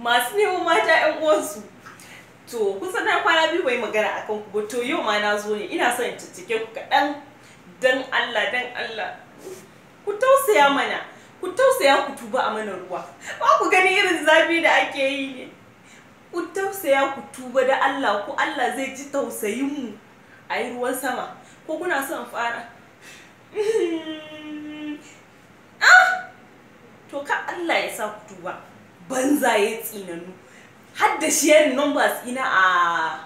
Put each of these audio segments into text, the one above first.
masu neman mata yan uwansu to kun san na kwana biyu bai magana akan ku ba to yau ma na zo ne ina son in ciccike ku kaɗan dan Allah dan Allah ku tausaya mana ku tausaya ku tuba a mana ruwa ba ku gani irin zafi da ake yi ne ku tausaya ku tuba da Allah ku Allah zai ji tausayin mu a yi ruwan sama ko kuna son fara ah to ka Allah ya sa ku tuba ya tsinanu har da sharing numbers ina a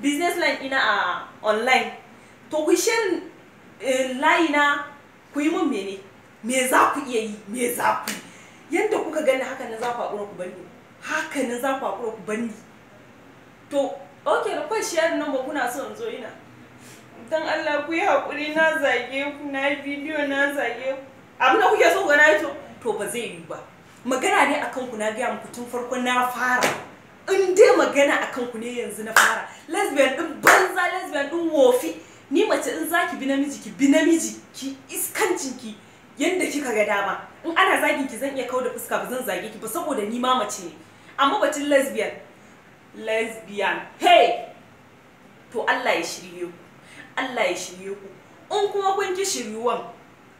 business line ina a online to ku sharing eh, layi na ku yi mun mene me za ku iya yi me za ku yi yadda kuka gani haka na za ku haƙura ku bani haka na za ku haƙura ku bani to ok da kwan sharing number kuna so zo ina dan Allah ku yi haƙuri na zage ku na yi bidiyo na zage ku abin da kuke so ga na to to ba zai yi ba magana ne akan ku na gaya muku tun farko na fara in dai magana akan ku ne yanzu na fara lesbian din banza lesbian din wofi ni mace in zaki bi namiji ki bi namiji ki iskancin ki yanda kika ga dama in ana zagin ki zan iya kau da fuska ba zan zage ki ba saboda ni ma mace ne amma batun lesbian lesbian hey to Allah ya shirye ku Allah ya shirye ku in kuma kun ki shiryuwan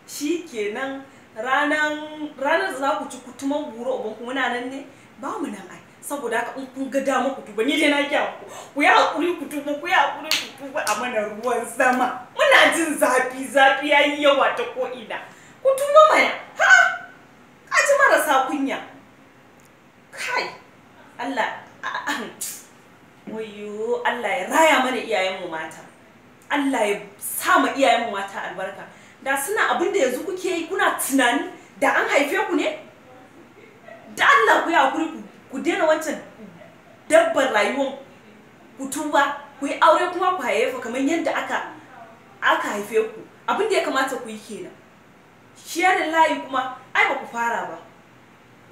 shikenan ranar za ku ci kutuman buru uban ku muna nan ne ba mu nan ai saboda haka in kun ga dama ku tuba ni dai na kiya ku ku ya hakuri ku tuba ku ya hakuri ku tuba a mana ruwan sama muna jin zafi zafi yayi yawa ta ko ina ku tuba mana ha a ji marasa kunya kai Allah wayo Allah ya raya mana iyayenmu mata Allah ya sa mu iyayenmu mata albarka da suna abin da yanzu kuke yi kuna tunani da an haife ku ne da Allah ku yi hakuri ku ku daina wancan dabbar rayuwar ku tuba ku yi aure kuma ku haife kamar yadda aka aka haife ku abin da ya kamata ku yi kenan shiyarin layi kuma ai ba ku fara ba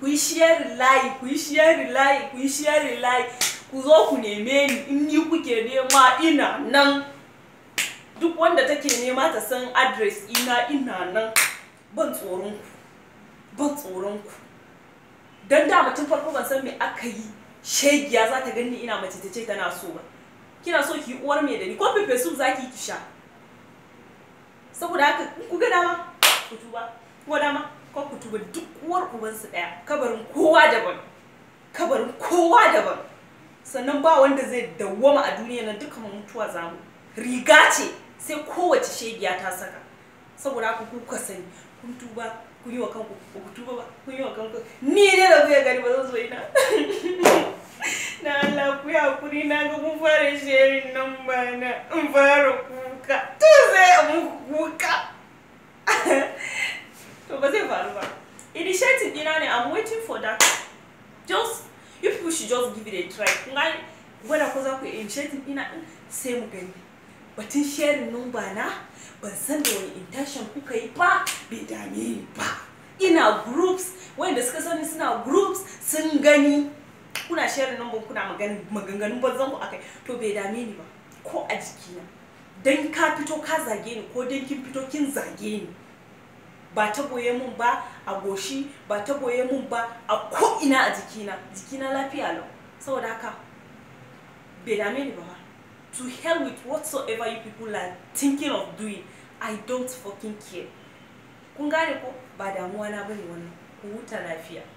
ku yi shiyarin layi ku yi shiyarin layi ku yi shiyarin layi ku zo ku neme ni in ni kuke nema ina nan duk wanda take nema ta san address ina ina nan ban tsoron ku ban tsoron ku dan da mutum farko ban san me aka yi shegiya za ta gani ina mace ta ce tana so ba kina so ki uwar me da ni ko pepe su zaki ki sha saboda haka ku ga dama ku tuba ko dama ko ku tuba duk uwar su daya kabarin kowa daban kabarin kowa daban sannan ba wanda zai dawwama a duniya nan duka mutuwa zamu riga ce sai kowace shegiya ta saka saboda haka ku ka sani kun tuba kun yi wa kanku ku tuba ba kun yi wa kanku ni ne da zai gani ba zan zo ina na Allah ku ya kuri na ga kun fara sharing nan ba na in fara kuka to sai a muku kuka to ba zai faru ba initiative dina ne i'm waiting for that just you people should just give it a try kun gwada ko za ku initiative dina sai mu gani batun sharing number na ban san da wani intention kuka yi ba bai dame ni ba ina groups wanda suka sani suna groups sun gani kuna sharing number kuna maganganun banzan ku akai to bai dame ni ba ko a jikina dan ka fito ka zage ni ko dan kin fito kin zage ni ba ta goye mun ba a goshi ba ta goye mun ba a ko ina a jikina jikina lafiya lau saboda haka bai dame ni ba to hell with whatsoever you people are thinking of doing i don't fucking care kun gane ko ba damuwa na bane wani ku huta lafiya